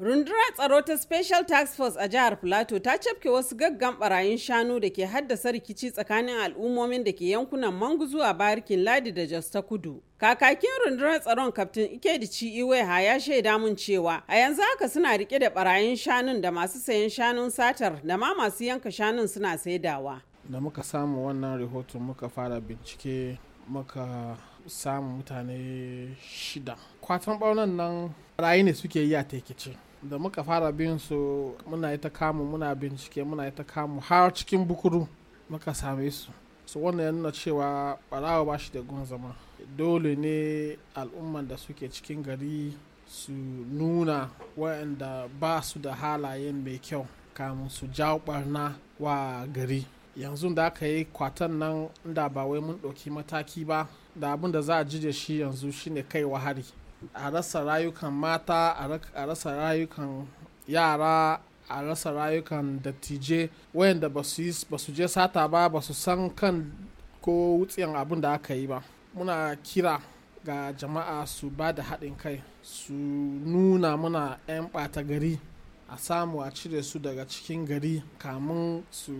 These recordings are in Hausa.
Rundunar tsaro ta Special Task Force a jihar Plateau ta cafke wasu gaggan barayin shanu da ke haddasa rikici tsakanin al'ummomin da ke yankunan Manguzu a barikin Ladi da Jos ta Kudu. Kakakin rundunar tsaron Kaftin Ikedici Iweha ya shaida mun cewa a yanzu haka suna rike da barayin shanun da masu sayan shanun satar da ma masu yanka shanun suna saidawa. Da muka samu wannan rahoton muka fara bincike muka samun mutane shida kwatan ɓaunan nan rayu ne suke yi a taikici da muka fara bin su muna ita kamu muna bincike muna ita kamu har cikin bukuru muka same su su wannan ya nuna cewa ɓarawa ba shi da gun zama dole ne al'umman da suke cikin gari su nuna waɗanda ba su da halayen mai kyau kamun su jawo ɓarna wa gari yanzu da aka yi kwatan nan da ba wai mun ɗauki mataki ba da abin da za a ji da shi yanzu shine kaiwa hari a rasa rayukan mata a rasa rayukan yara a rasa rayukan dattijai wayanda ba su je sata ba ba su san kan ko wutsiyan abin da aka yi ba muna kira ga jama'a su ba da haɗin kai su nuna muna 'yan ɓata gari a samu a cire su daga cikin gari kamun su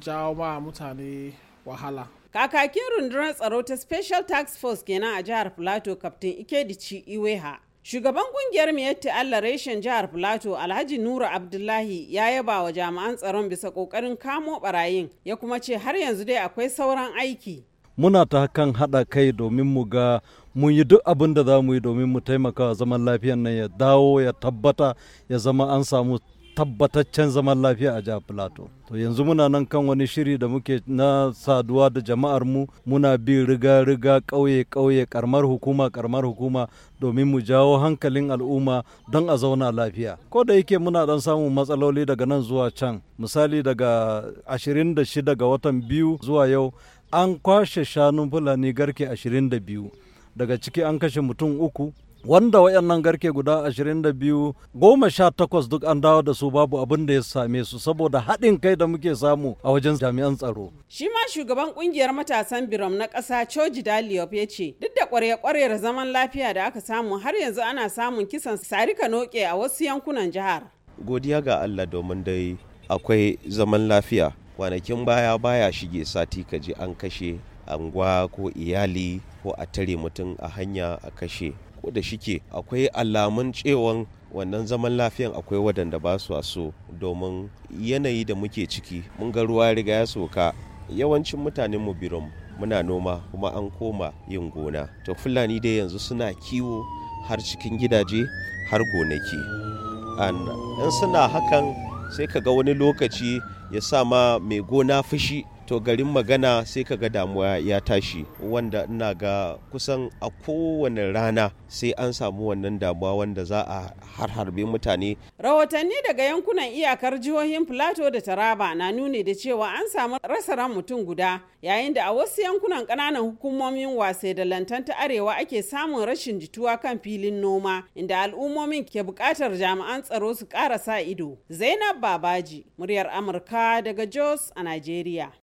jawo ma mutane wahala kakakin rundunar tsaro ta special task force kenan a jihar plateau kaftin ikedici iweha Shugaban kungiyar Miyatti Allah reshen jihar plateau Alhaji Nura Abdullahi ya yaba wa jami'an tsaron bisa kokarin kamo barayin ya kuma ce har yanzu dai akwai sauran aiki. muna ta kan haɗa kai domin mu ga mun yi duk abin da za mu yi domin mu taimaka zaman lafiyan nan ya dawo ya tabbata ya zama an samu tabbataccen zaman lafiya a jihar plato To yanzu muna nan kan wani shiri da muke na saduwa da jama'ar mu muna bi riga-riga ƙauye-ƙauye karmar hukuma karmar hukuma domin mu jawo hankalin al'umma don a zauna lafiya. Ko da yake muna dan samun matsaloli daga nan zuwa can misali daga 26 ga watan biyu zuwa yau an kwashe shanun fulani garke 22 daga ciki an kashe mutum uku wanda wayannan garke guda 22 goma sha takwas duk an dawo da su babu abin da ya same su saboda haɗin kai da muke samu a wajen jami'an tsaro. Shi ma shugaban kungiyar matasan Birom na ƙasa Choji Daliop ya ce duk da kware ƙwaryar zaman lafiya da aka samu har yanzu ana samun kisan sarika noke a wasu yankunan jihar. Godiya ga Allah domin dai akwai zaman lafiya kwanakin baya baya shige sati ka ji an kashe anguwa ko iyali ko a tare mutum a hanya a kashe ko da shike akwai alamun cewon wannan zaman lafiyan akwai wadanda ba su so domin yanayi da muke ciki mun ga ruwa riga ya soka yawancin mutanen mu birom muna noma kuma an koma yin gona to fulani dai yanzu suna kiwo har cikin gidaje har gonaki an suna hakan sai ka ga wani lokaci ya sa ma mai gona fushi to garin magana sai ka ga damuwa ya tashi wanda ina ga kusan a kowane rana sai an samu wannan damuwa wanda za a harharbe mutane rahotanni daga yankunan iyakar jihohin plateau da taraba na nuni da cewa an samu rasa ran mutum guda yayin da a wasu yankunan kananan hukumomin wasai da lantan ta arewa ake samun rashin jituwa kan filin noma inda al'ummomin ke buƙatar jami'an tsaro su ƙara sa ido zainab babaji muryar amurka daga jos a najeriya